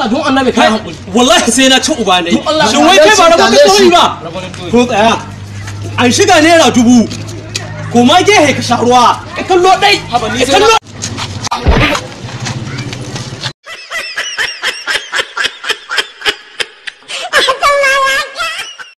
Allah don annabi kai hakuri wallahi sai na ci uba ne shin wai kai ba rabon ka ba ko tsaya an shiga naira dubu ko ma gehe ka sha ruwa ka kallo dai ka kallo